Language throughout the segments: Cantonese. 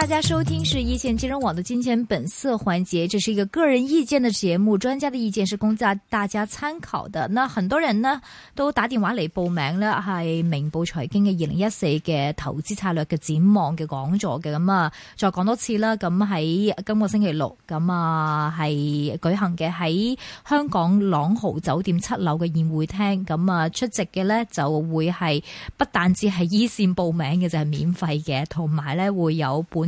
大家收聽是一線金融網的金錢本色環節，這是一個個人意見的節目，專家的意見是供大家參考的。那很多人呢都打電話嚟報名呢，係明報財經嘅二零一四嘅投資策略嘅展望嘅講座嘅咁啊，再講多次啦。咁喺今個星期六，咁啊係舉行嘅喺香港朗豪酒店七樓嘅宴會廳，咁啊出席嘅咧就會係不但止係一線報名嘅就係、是、免費嘅，同埋咧會有本。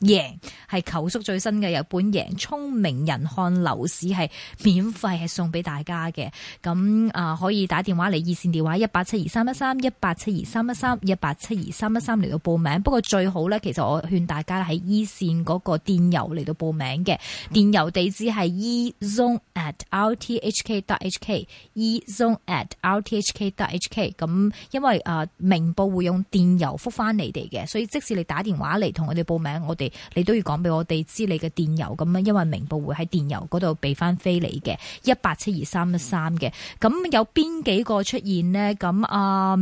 贏係、yeah, 求叔最新嘅日本贏聰明人看樓市係免費係送俾大家嘅，咁啊、呃、可以打電話嚟二線電話一八七二三一三一八七二三一三一八七二三一三嚟到報名，不過最好咧，其實我勸大家喺二線嗰個電郵嚟到報名嘅，電郵地址係 ezone@rthk.hk，ezone@rthk.hk，咁因為啊、呃、明報會用電郵覆翻你哋嘅，所以即使你打電話嚟同我哋報名，我哋。你都要講俾我哋知你嘅電郵，咁啊，因為明報會喺電郵嗰度俾翻飛你嘅一八七二三一三嘅。咁有邊幾個出現呢？咁啊，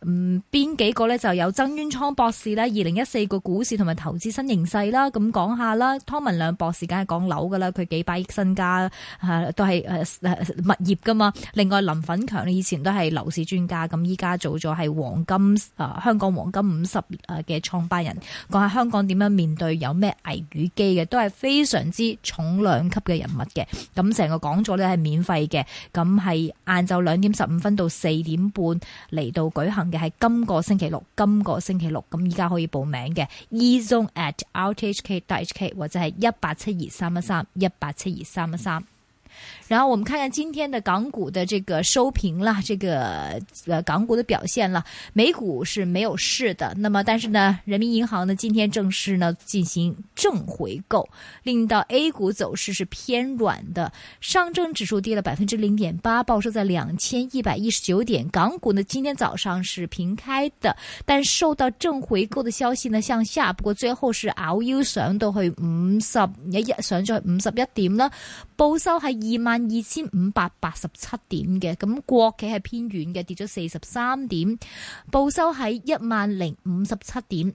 嗯，邊幾個呢就有曾淵滄博士咧，二零一四個股市同埋投資新形勢啦。咁講下啦。湯文亮博士梗係講樓噶啦，佢幾百億身家，啊、都係、啊啊、物業噶嘛。另外林奮強以前都係樓市專家，咁依家做咗係黃金啊，香港黃金五十嘅創辦人，講下香港點樣面對，有咩危與機嘅，都係非常之重量級嘅人物嘅。咁成個講座咧，係免費嘅，咁係晏晝兩點十五分到四點半嚟到舉行嘅，係今個星期六，今個星期六。咁依家可以報名嘅，ezone at rthk hk 或者係一八七二三一三一八七二三一三。然後我們看看今天的港股的這個收評啦，這個呃港股的表現啦，美股是沒有市的，那麼但是呢，人民銀行呢今天正式呢進行正回購，令到 A 股走勢是偏軟的。上證指數跌了百分之零點八，報收在兩千一百一十九點。港股呢今天早上是平開的，但受到正回購的消息呢向下，不過最後是還是咬腰上到去五十一一，上在五十一點啦，報收係二萬。二千五百八十七點嘅，咁國企係偏軟嘅，跌咗四十三點，報收喺一萬零五十七點。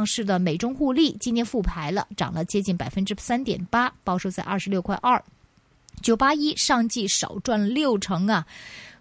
上市的美中互利今天復牌了，漲了接近百分之三點八，報收在二十六塊二九八一，上季少賺六成啊。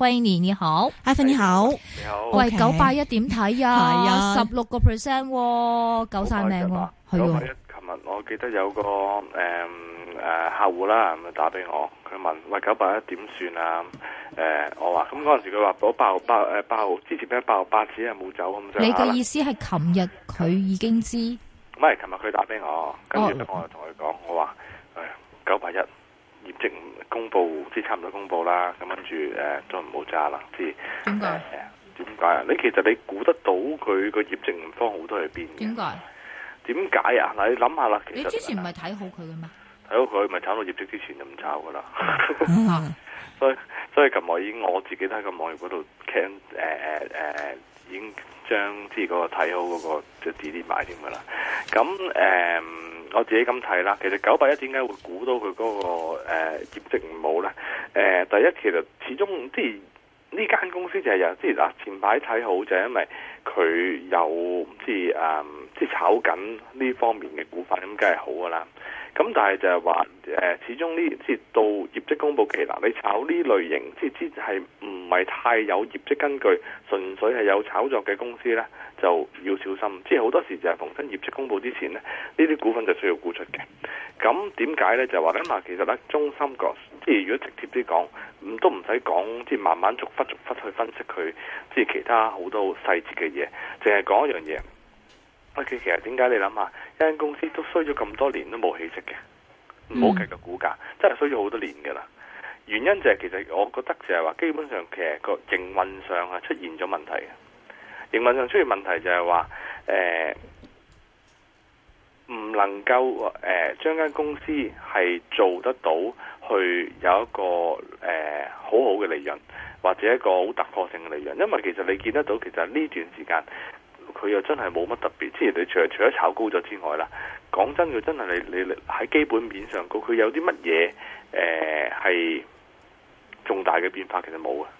威年你好，艾芬你好，你好。Hey, 你好你好喂，九八一點睇呀？十六個 percent 喎，哦、九三零喎、啊，係喎。九八一，琴日我記得有個誒誒客戶啦，咁、嗯呃、打俾我，佢問喂九八一點算啊？誒、呃，我話咁嗰陣時佢話爆八誒爆，爆，之前八爆八次啊冇走咁。你嘅意思係琴日佢已經知？唔係、嗯，琴日佢打俾我，我跟住、oh. 我就同佢講，我話誒九八一。業績公布，即係差唔多公布啦。咁跟住誒都唔好揸啦，知點解？點解啊？你其實你估得到佢個業績唔方好多係變嘅。點解？點解啊？嗱，你諗下啦，其實你之前唔係睇好佢嘅嘛？睇好佢咪炒到業績之前就唔炒嘅啦。所以所以琴日已經我自己都喺個網頁嗰度傾誒誒誒，已經將知嗰、那個睇好嗰個就啲啲買添嘅啦。咁誒。我自己咁睇啦，其實九八一點解會估到佢嗰個誒業績唔好咧？誒第一其實始終即係呢間公司就係、是、有即係嗱前排睇好就係、是、因為佢有即係誒、嗯、即係炒緊呢方面嘅股份咁，梗係好噶啦。咁但係就係話，誒，始終呢，至到業績公布期啦，你炒呢類型，即係唔係太有業績根據，純粹係有炒作嘅公司呢，就要小心。即係好多時就係逢親業績公布之前呢，呢啲股份就需要沽出嘅。咁點解呢？就話諗下，其實呢，中心角，即係如果直接啲講，都唔使講，即係慢慢逐忽逐忽去分析佢，即係其他好多很細節嘅嘢，淨係講一樣嘢。OK，其實點解你諗下？間公司都衰咗咁多年都冇起色嘅，冇極嘅股價，真係衰咗好多年噶啦。原因就係其實我覺得就係話，基本上其實個營運上係出現咗問題嘅，營運上出現問題就係話，誒、欸、唔能夠誒將間公司係做得到去有一個誒、欸、好好嘅利潤，或者一個好突破性嘅利潤。因為其實你見得到，其實呢段時間。佢又真係冇乜特別，即係你除除咗炒高咗之外啦。講真，佢真係你你喺基本面上股，佢有啲乜嘢誒係重大嘅變化，其實冇啊。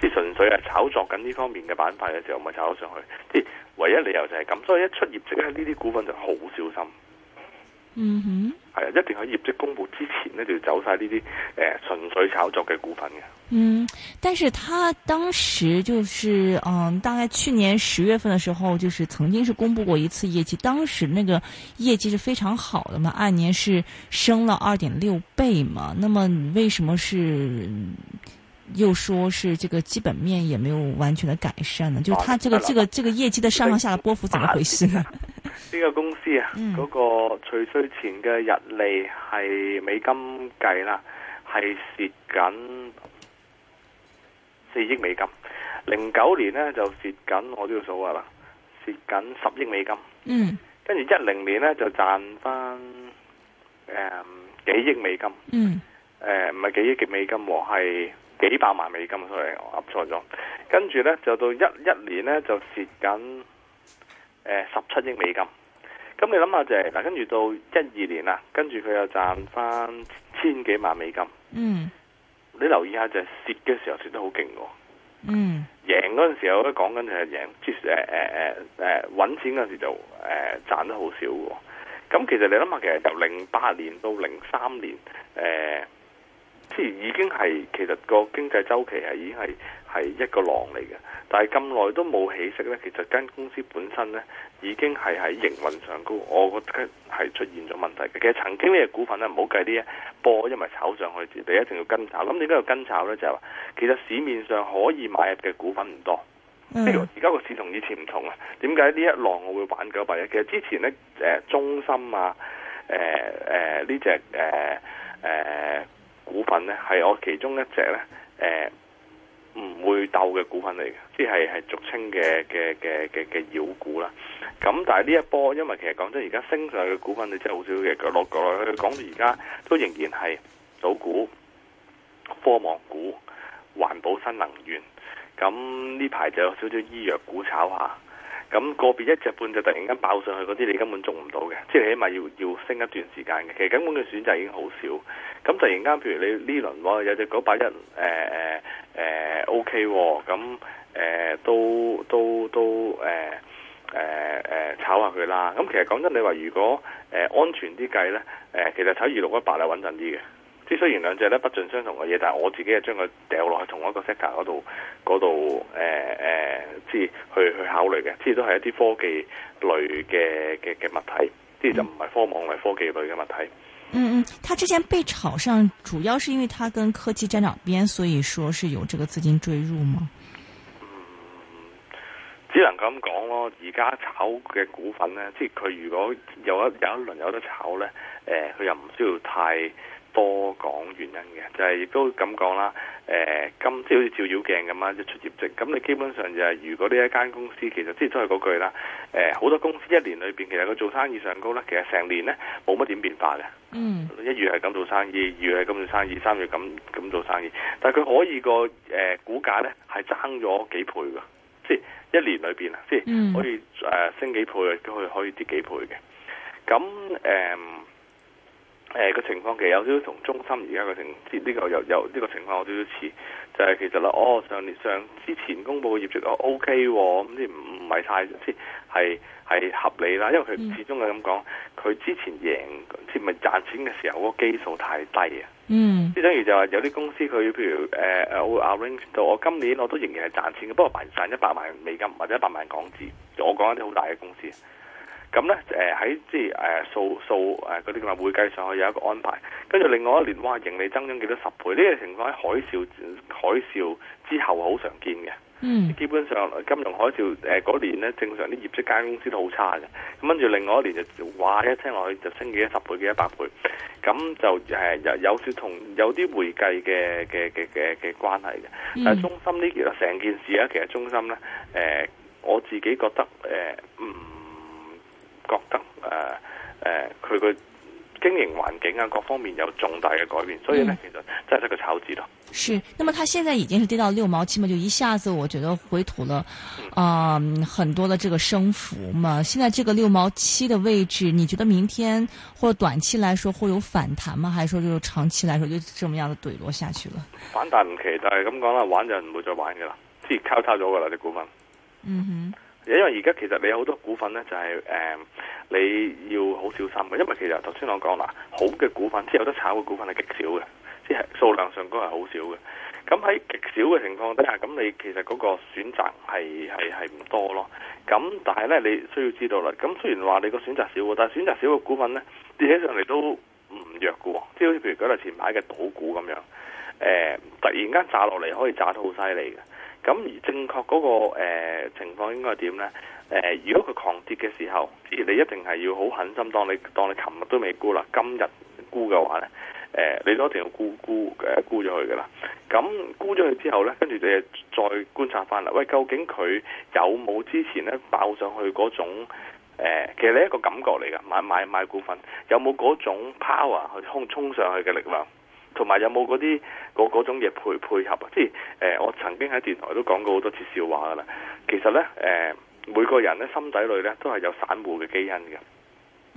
即係純粹係炒作緊呢方面嘅板塊嘅時候，咪炒咗上去。即係唯一理由就係咁，所以一出業績喺呢啲股份就好小心。嗯哼，係啊，一定喺業績公布之前呢，就要走晒呢啲誒純粹炒作嘅股份嘅。嗯，但是他當時就是，嗯，大概去年十月份的時候，就是曾經是公布過一次業績，當時那個業績是非常好的嘛，按年是升了二點六倍嘛。那麼為什麼是又說是這個基本面也沒有完全的改善呢？就他這個、這個、這個業績的上上下的波幅，怎麼回事呢？呢個公司啊，嗰、嗯、個除稅前嘅日利係美金計啦，係蝕緊四億美金。零九年呢，就蝕緊，我都要數下啦，蝕緊十億美金。嗯，跟住一零年呢，就賺翻誒、嗯、幾億美金。嗯，誒唔係幾億嘅美金喎，係幾百萬美金。所以我噏錯咗。跟住呢，就到一一年呢，就蝕緊。誒，十七億美金，咁你諗下就係、是、嗱，跟住到一二年啦，跟住佢又賺翻千幾萬美金。嗯，mm. 你留意下就蝕嘅時候蝕得好勁喎。嗯，贏嗰陣時候我都，講緊就係贏，即係誒誒誒誒，揾、呃呃、錢嗰陣時就誒賺、呃、得好少喎、哦。咁其實你諗下、呃，其實由零八年到零三年，誒，即係已經係其實個經濟週期係已經係。係一個浪嚟嘅，但係咁耐都冇起色呢。其實間公司本身呢，已經係喺營運上高，我覺得係出現咗問題嘅。其實曾經呢隻股份呢，唔好計啲波，因為炒上去，你一定要跟炒。咁點解要跟炒呢，就係話，其實市面上可以買入嘅股份唔多。譬如而家個市同以前唔同啊。點解呢一浪我會玩九八一？其實之前呢，誒，中芯啊，誒誒呢隻誒誒股份呢，係我其中一隻呢。誒、呃。唔會斗嘅股份嚟嘅，即係係俗稱嘅嘅嘅嘅嘅妖股啦。咁但係呢一波，因為其實講真，而家升上去嘅股份你真係好少嘅，佢落過來講到而家都仍然係老股、科網股、環保、新能源。咁呢排就有少少醫藥股炒下。咁個別一隻半隻就突然間爆上去嗰啲，你根本做唔到嘅。即係起碼要要升一段時間嘅。其實根本嘅選擇已經好少。咁突然間，譬如你呢輪有隻九八一，誒、呃、誒。誒、呃、OK 喎、哦，咁、呃、誒都都都誒誒、呃呃、炒下佢啦。咁其實講真，你話如果誒安全啲計咧，誒、呃、其實炒二六一八係穩陣啲嘅。即雖然兩隻咧不盡相同嘅嘢，但係我自己係將佢掉落去同一個 sector 嗰度嗰度誒誒，即、呃、去去考慮嘅。即係都係一啲科技類嘅嘅嘅物體，即係就唔係科網，而係科技類嘅物體。嗯嗯，他之前被炒上，主要是因為他跟科技戰沾邊，所以說是有這個資金追入嗎？嗯、只能咁講咯，而家炒嘅股份咧，即係佢如果有一有一輪有得炒咧，誒、呃，佢又唔需要太多講原因嘅，就係、是、亦都咁講啦。誒、呃，今即係好似照妖鏡咁啊，一出業績咁，你基本上就係、是、如果呢一間公司其實即係都係嗰句啦。誒、呃，好多公司一年裏邊其實佢做生意上高咧，其實成年咧冇乜點變化嘅。嗯，一月係咁做生意，二月係咁做生意，三月咁咁做生意，但係佢可以個誒、呃、股價咧係爭咗幾倍嘅，即係一年裏邊啊，即係可以誒、嗯呃、升幾倍，亦都可以跌幾倍嘅。咁誒、呃誒個、呃、情況其實有少少同中芯而家、這個情，呢、這個有有呢、這個情況我都有似，就係、是、其實啦，哦上年上之前公布嘅業績又、哦、OK 喎、哦，咁即唔唔係太即係係合理啦，因為佢始終係咁講，佢之前贏即係咪賺錢嘅時候嗰、那個基數太低啊？嗯，即係等於就話有啲公司佢譬如誒誒，呃、會 arrange 我 arrange 到我今年我都仍然係賺錢嘅，不過賺一百萬美金或者一百萬港紙，我講一啲好大嘅公司。咁咧，誒喺即係誒數數誒嗰啲咁嘅會計上去有一個安排，跟住另外一年，哇盈利增長幾多十倍呢個情況喺海嘯海嘯之後好常見嘅。嗯，基本上金融海嘯嗰、呃、年咧，正常啲業績間公司都好差嘅。咁跟住另外一年就哇，一聽落去就升幾多十倍，幾一百倍。咁就、呃、有有少同有啲會計嘅嘅嘅嘅嘅關係嘅。嗯、但係中心呢件成件事咧，其實中心咧，誒、呃、我自己覺得誒唔。呃嗯覺得誒誒佢個經營環境啊各方面有重大嘅改變，所以咧，其實真係一個炒字咯。是，那麼它現在已經是跌到六毛七嘛，就一下子我覺得回吐了啊、呃嗯、很多的這個升幅嘛。現在這個六毛七的位置，你覺得明天或者短期來說會有反彈嗎？還是說就長期來說就這麼樣子㨃落下去了？反彈唔期待咁講啦，玩就唔會再玩嘅啦，即係交叉咗嘅啦啲股份。嗯哼。因為而家其實你有好多股份呢，就係誒你要好小心嘅，因為其實頭先我講嗱，好嘅股份即係有得炒嘅股份係極少嘅，即係數量上都係好少嘅。咁喺極少嘅情況底下，咁你其實嗰個選擇係係係唔多咯。咁但係呢，你需要知道啦。咁雖然話你個選擇少，但係選擇少嘅股份呢，跌起上嚟都唔弱嘅。即係好似譬如舉例前排嘅賭股咁樣，呃，突然間炸落嚟，可以炸得好犀利嘅。咁而正確嗰、那個誒、呃、情況應該係點呢？誒、呃，如果佢狂跌嘅時候，你一定係要好狠心當你，當你當你琴日都未沽啦，今日沽嘅話呢，誒、呃，你都一定要沽沽誒、呃、沽咗佢㗎啦。咁沽咗佢之後呢，跟住你再觀察翻啦。喂，究竟佢有冇之前呢爆上去嗰種、呃、其實你一個感覺嚟㗎，買買買股份有冇嗰種 power 去衝衝上去嘅力量？同埋有冇嗰啲嗰嗰種嘢配配合啊？即係誒、呃，我曾經喺電台都講過好多次笑話噶啦。其實咧誒、呃，每個人咧心底裏咧都係有散戶嘅基因嘅。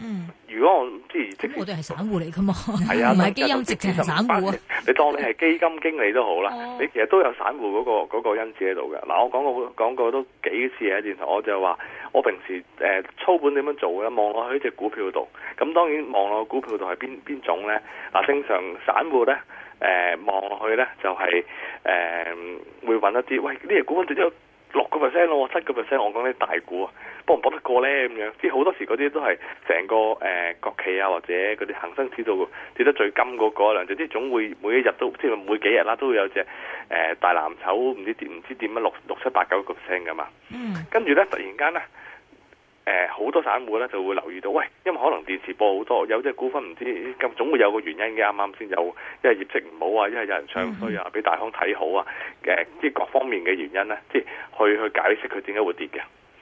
嗯，如果我即知，嗯、我哋係散戶嚟噶嘛，唔係、啊、基金直情散戶啊。你當你係基金經理都好啦，嗯、你其實都有散戶嗰、嗰個、嗯、嗰個因子喺度嘅。嗱、啊，我講過講過都幾次喺電台，我就話我平時誒操、呃、盤點樣做嘅，望落去隻股票度。咁當然望落股票度係邊邊種咧？嗱、啊，正常散戶咧，誒望落去咧就係、是、誒、呃、會揾一啲，喂呢隻股票點六個 percent 咯，七個 percent，我講啲大股啊，搏唔搏得過咧？咁樣，即係好多時嗰啲都係成個誒、呃、國企啊，或者嗰啲恒生指數跌得最金嗰、嗰個，兩隻啲總會每一日都，即係每幾日啦，都會有隻誒、呃、大藍籌，唔知點唔知點樣六六七八九個 percent 噶嘛。嗯，跟住咧，突然間咧。誒好、呃、多散戶咧就會留意到，喂，因為可能電視播好多，有隻股份唔知咁總會有個原因嘅。啱啱先有，因為業績唔好啊，因為有人唱衰啊，俾大行睇好啊，即、呃、各方面嘅原因咧，即係去去解釋佢點解會跌嘅、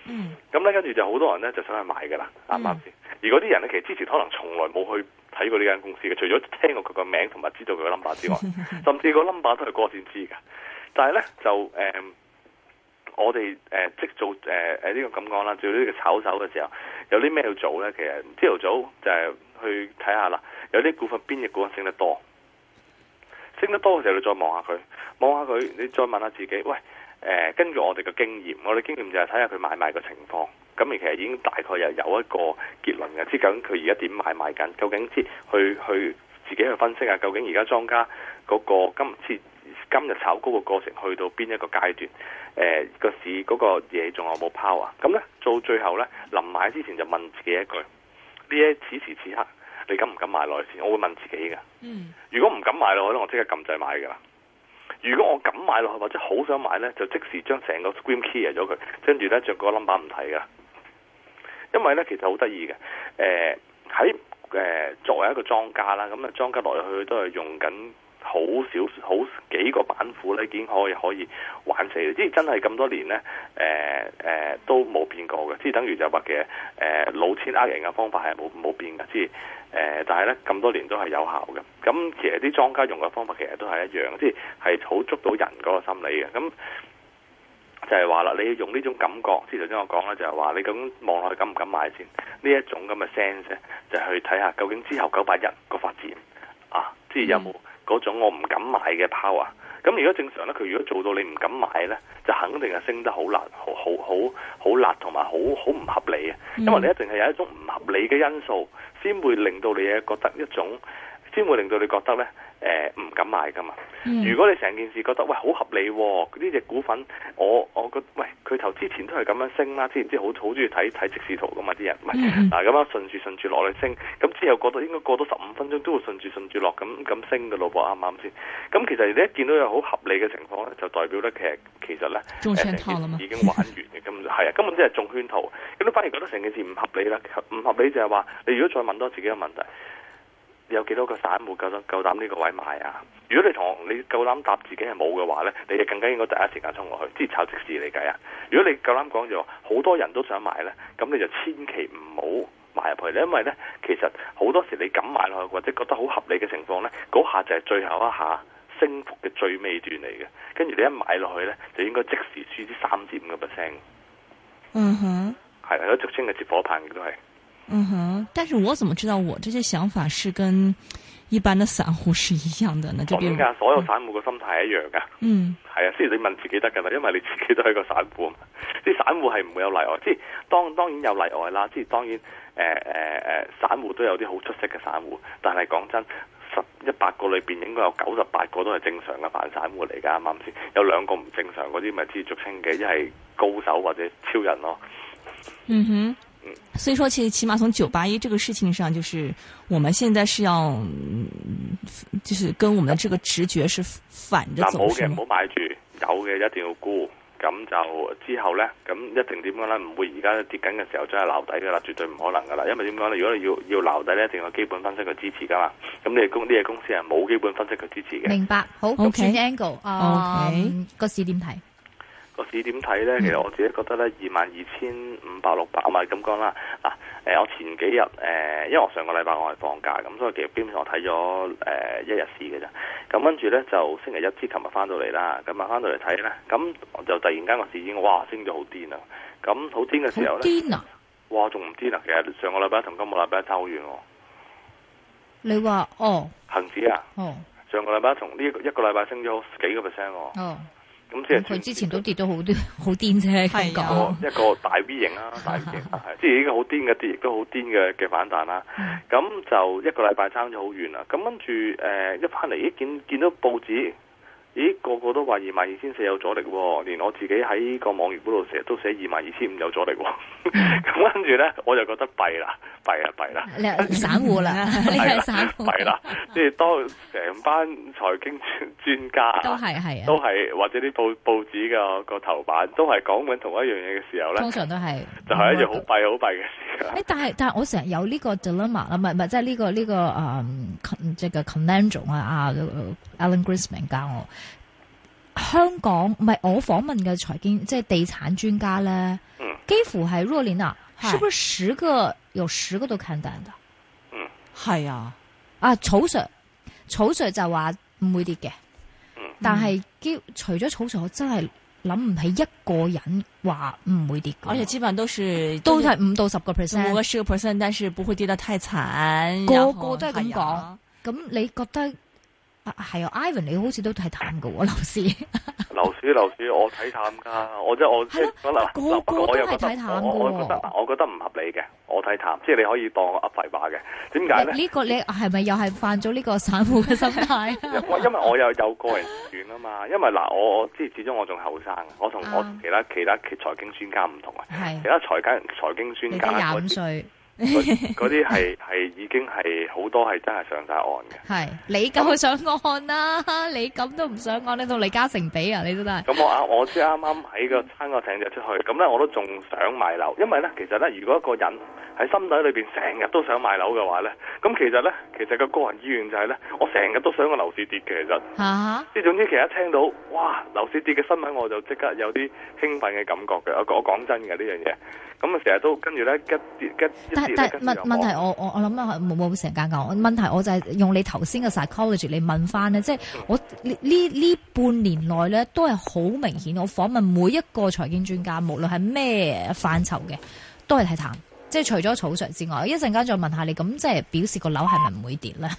嗯嗯。嗯，咁咧跟住就好多人咧就想去買㗎啦。啱啱先，而嗰啲人咧其實之前可能從來冇去睇過呢間公司嘅，除咗聽過佢個名同埋知道佢個 number 之外，甚至個 number 都係嗰陣知嘅。但係咧就、嗯我哋誒、呃、即做誒誒呢個咁講啦，做呢個炒手嘅時候，有啲咩要做咧？其實朝頭早就係去睇下啦，有啲股份邊隻股份升得多，升得多嘅時候你再望下佢，望下佢，你再問下自己，喂誒，根、呃、據我哋嘅經驗，我哋經驗就係睇下佢買賣嘅情況，咁而其實已經大概又有一個結論嘅，即緊佢而家點買賣緊，究竟即去去，去自己去分析下，究竟而家莊家嗰個今次。今日炒高嘅過程去到邊一個階段？誒、呃，個市嗰個嘢仲有冇 power？咁咧，到最後咧，臨買之前就問自己一句：呢一此時此刻，你敢唔敢買落去？我會問自己噶。嗯。如果唔敢買落去咧，我即刻撳制買噶啦。如果我敢買落去或者好想買咧，就即時將成個 screen clear 咗佢，跟住咧着個 number 唔睇噶。因為咧，其實好得意嘅。誒、呃，喺誒、呃，作為一個莊家啦，咁啊，莊家落去都係用緊。好少好幾個板斧咧，已經可以可以玩死。即係真係咁多年咧，誒、呃、誒、呃、都冇變過嘅。即係等於就話嘅，誒老千呃人嘅方法係冇冇變嘅。即係誒、呃，但係咧咁多年都係有效嘅。咁其實啲莊家用嘅方法其實都係一樣，即係係好捉到人嗰個心理嘅。咁就係話啦，你要用呢種感覺。頭先我講啦，就係、是、話你咁望落去敢唔敢買先？呢一種咁嘅 sense 就係去睇下究竟之後九八一個發展啊，即係有冇？嗯嗰種我唔敢買嘅 power，咁如果正常咧，佢如果做到你唔敢買咧，就肯定係升得好辣，好好好好辣，同埋好好唔合理啊！因為你一定係有一種唔合理嘅因素，先會令到你覺得一種。先會令到你覺得咧，誒、呃、唔敢買噶嘛？嗯、如果你成件事覺得喂，好合理、哦，呢隻股份我我覺得喂，佢頭之前都係咁樣升啦，知唔知好好中意睇睇即時圖噶嘛？啲人咪嗱咁樣順住順住落去升，咁之後過到應該過到十五分鐘都會順住順住落咁咁升嘅路噃，啱唔啱先？咁其實你一見到有好合理嘅情況咧，就代表咧其實其實咧成件事已經玩完嘅，咁係啊，根本即係中圈套，咁你反而覺得成件事唔合理啦，唔合理就係話你如果再問多自己嘅問題。有幾多個散戶夠，夠膽夠膽呢個位置買啊？如果你同你，你夠膽答自己係冇嘅話呢，你就更加應該第一時間衝落去，即係炒即市嚟計啊！如果你夠膽講就話好多人都想買呢，咁你就千祈唔好買入去，因為呢其實好多時你敢買落去或者覺得好合理嘅情況呢，嗰下就係最後一下升幅嘅最尾段嚟嘅，跟住你一買落去呢，就應該即時輸啲三至五個 percent。嗯哼，係，係都、mm hmm. 俗稱嘅接火棒嘅都係。嗯哼，但是我怎麼知道我這些想法是跟一般的散戶是一樣的呢？我點解所有散戶嘅心態是一樣噶？嗯，係啊，即係你問自己得噶嘛，因為你自己都係一個散戶嘛。啲散戶係唔會有例外，即係當然當然有例外啦。即係當然，誒誒誒，散戶都有啲好出色嘅散戶。但係講真，十一百個裏邊應該有九十八個都係正常嘅凡散戶嚟噶，啱唔啱先？有兩個唔正常嗰啲，咪知俗稱嘅，一係高手或者超人咯。嗯哼。所以說其實起碼從九八一這個事情上，就是我們現在是要，就是跟我們的這個直覺是反着走。冇嘅唔好買住，有嘅一定要沽。咁就之後咧，咁一定點樣咧？唔會而家跌緊嘅時候真係撈底噶啦，絕對唔可能噶啦。因為點講咧？如果你要要撈底咧，一定要基有基本分析佢支持噶嘛。咁你公啲嘢，公司係冇基本分析佢支持嘅。明白，好。轉 angle，哦，個市點睇？個市點睇咧？其實我自己覺得咧，二萬二千五百六百咪咁講啦。嗱，誒，我前幾日誒、呃，因為我上個禮拜我係放假咁，所以其實基本上我睇咗誒一日市嘅咋。咁跟住咧，就星期一至，琴日翻到嚟啦。咁啊，翻到嚟睇咧，咁就突然間個市已經哇升咗好癲啦。咁好癲嘅時候咧，哇，仲唔癲啦？其實上個禮拜同今個禮拜差好遠喎。你話哦，恆指、哦、啊，哦、上個禮拜同呢一個禮拜升咗幾個 percent 喎、哦。哦。佢之前都跌咗好多，好癲啫。係啊個， 一個大 V 型啊，大 V 型即係呢個好癲嘅跌，亦都好癲嘅嘅反彈啦。咁 就一個禮拜爭咗好遠啦。咁跟住誒，一翻嚟一見見見到報紙。咦，個個都話二萬二千四有阻力喎、哦，連我自己喺個網頁嗰度成日都寫二萬二千五有阻力喎、哦。咁 跟住呢，我就覺得弊啦，弊啦弊啦，散戶啦，你係散戶，弊啦、啊，即係當成班財經專家都係、啊、都係或者啲報報紙嘅個頭版都係講緊同一樣嘢嘅時候呢，通常都係。就係一件好弊好弊嘅事。但係但係我成日有呢個 dilemma 啦，唔係唔係即係呢個呢、這個即係、嗯這個 commander 啊，啊，啊，啊，Alan Grisman 教我香港，唔係我訪問嘅財經即係地產專家咧，幾乎係 recent 啊，超過十個有十個都 k i n d 嗯，係啊，啊草 Sir 草 Sir 就話唔會跌嘅。但係除咗草 Sir，我真係。諗唔起一個人話唔會跌，而且基本上都算，都係五到十個 percent，冇個十個 percent，但係不會跌得太慘，後個個都係咁講。咁、啊、你覺得啊，係啊，Ivan，你好似都係淡嘅喎，樓市。 樓市樓市，我睇淡噶，我即係我，嗱嗱嗰個我又覺得，我覺得我覺得唔合理嘅，我睇淡，即係你可以當我噏廢話嘅。點解咧？呢個你係咪又係犯咗呢個散戶嘅心態？因為我又有個人緣啊嘛，因為嗱，我即係始終我仲後生，我同我其他其他財經專家唔同啊，其他財經財經專家我廿五嗰啲係係已經係好多係真係上晒岸嘅。係你咁上岸啦、啊，那你咁都唔上岸，你到李嘉誠比啊，你都得。咁我啊，我即啱啱喺個餐個艇就出去。咁咧，我都仲想買樓，因為咧，其實咧，如果一個人喺心底裏面成日都想買樓嘅話咧，咁其實咧，其實個個人意願就係咧，我成日都想個樓市跌嘅。其實，即、啊、總之，其實一聽到哇樓市跌嘅新聞，我就即刻有啲興奮嘅感覺嘅。我我講真嘅呢樣嘢，咁啊成日都跟住咧一跌一。但係問題我，我我我諗下，冇冇成間講。問題我就係用你頭先嘅 psychology 你問翻咧，即係我呢呢半年內咧都係好明顯。我訪問每一個財經專家，無論係咩範疇嘅，都係睇淡。即係除咗曹 Sir 之外，一陣間再問下你。咁即係表示個樓係咪唔會跌咧？